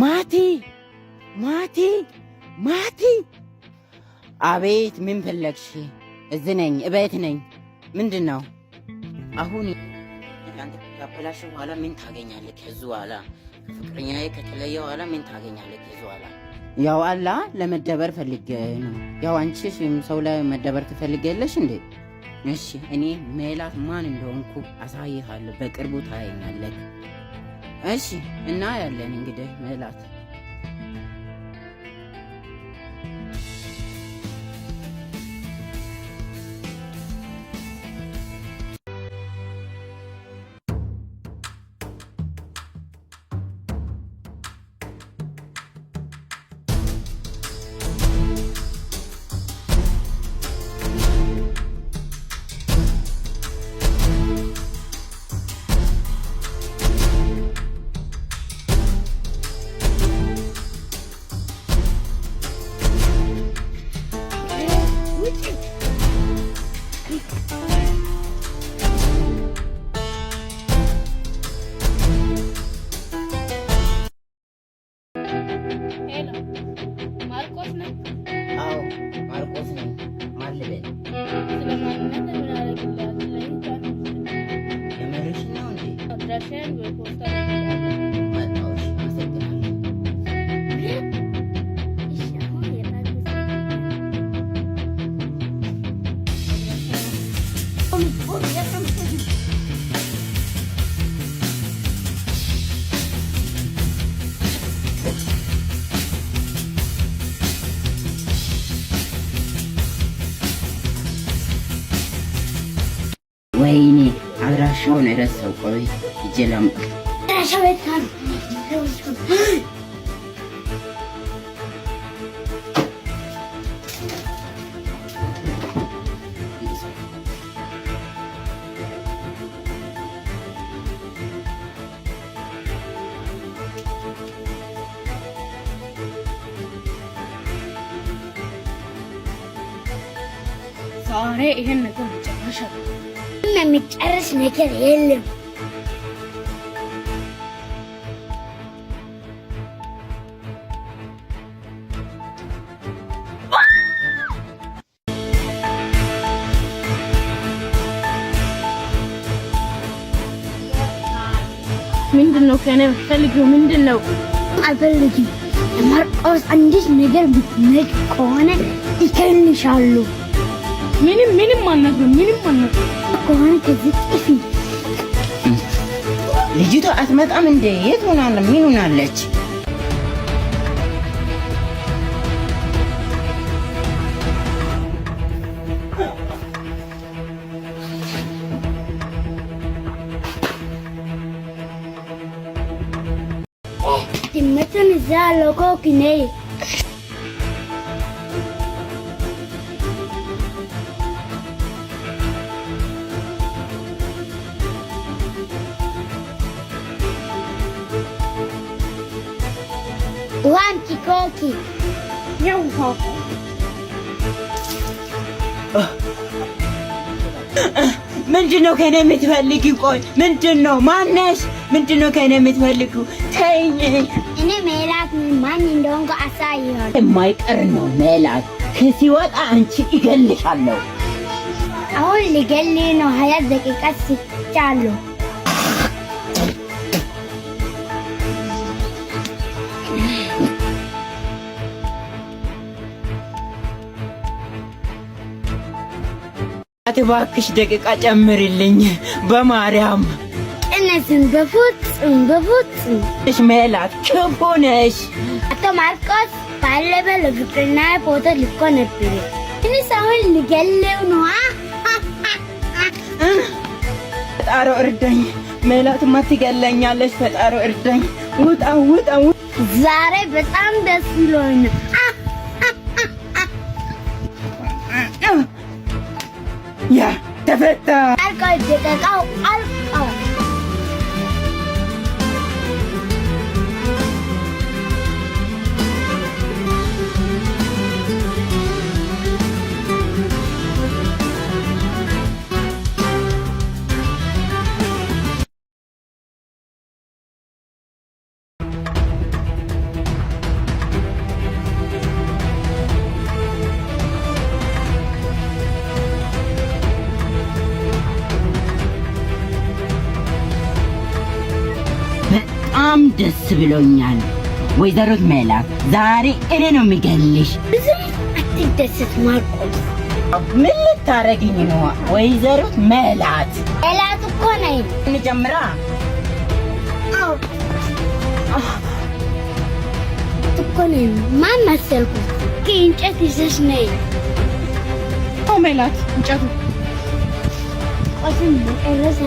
ማቲ ማቲ ማቲ! አቤት፣ ምን ፈለግሽ? እዚህ ነኝ፣ እቤት ነኝ። ምንድን ነው አሁን? አንተ ካበላሽ በኋላ ምን ታገኛለች ከዚህ በኋላ ፍቅረኛዬ ከተለየ በኋላ ምን ታገኛለች ከዚህ በኋላ ያው አላ ለመደበር ፈልጌ ነው። ያው አንቺ ሰው ላይ መደበር ትፈልገለሽ እንዴ? እሺ፣ እኔ ሜላት ማን እንደሆንኩ አሳይሃለሁ። በቅርቡ ታየኛለህ። እሺ እና ያለን እንግዲህ ምህላት hello Marcos ને આવ માર્કોસ ને મારલે બેન సులైమాన్ నే తమిళనాడు జిల్లాలో ఎమరేషన్ ఉంది రష్యన్ పోతారు Oh, ወይኔ አድራሻውን ረሳው። ቆይ ሂጅ ላምጣ። ዛሬ ይሄን ነገር ጨርሻለሁ። ምንም የሚጨርስ ነገር የለም። ምንድን ነው ከእኔ የምትፈልጊው? ምንድን ነው? አልፈልግም። ለማርቆስ አንዲት ነገር ብትነግ ከሆነ ይከንሻሉ። ምንም ምንም ማለት ምንም ማለት ከሆነ ከዚህ ጥፊ። ልጅቷ አትመጣም እንደ የት ሆናለ? ምን ሆናለች? ድመቱን እዛ አለኮ ኪኔ Łamki, колки. Я ucho. ምንድን ነው ከኔ የምትፈልጊው? ቆይ ምንድን ነው ማነሽ? ምንድን ነው ከኔ የምትፈልጊው? ተይኝ። እኔ ሜላት ማን እንደሆንኩ አሳይሆን የማይቀር ነው ሜላት። ከሲወጣ አንቺ ይገልሻለሁ። አሁን ሊገሊ ነው ሀያ ደቂቃ ሲቻለሁ እባክሽ ደቂቃ ጨምርልኝ በማርያም ቅነትን በፍጹም በፍጹም እሽ ሜላት ክፉ ነሽ። አቶ ማርቆስ ባለበ ለፍቅርና ፎቶ ልኮ ነበር። እኔስ አሁን ልገለው ነዋ። ፈጣሮ እርደኝ። ሜላትማ ማትገለኛለሽ ፈጣሮ እርደኝ። ውጣ ውጣ። ዛሬ በጣም ደስ ይሎኛል። Yeah, Taveta! I'll go dig it out. I'll በጣም ደስ ብሎኛል። ወይዘሮት ሜላት ዛሬ እኔ ነው የሚገልሽ። ብዙም አትደሰት ማርቆስ። ምን ልታረግኝ ነው? ወይዘሮት ሜላት ሜላት እኮ ነኝ። እንጀምራ እኮ ነኝ። ማን መሰልኩ? እንጨት ይዘሽ ነይ። ሜላት እንጨቱ ቆስም መቀረስ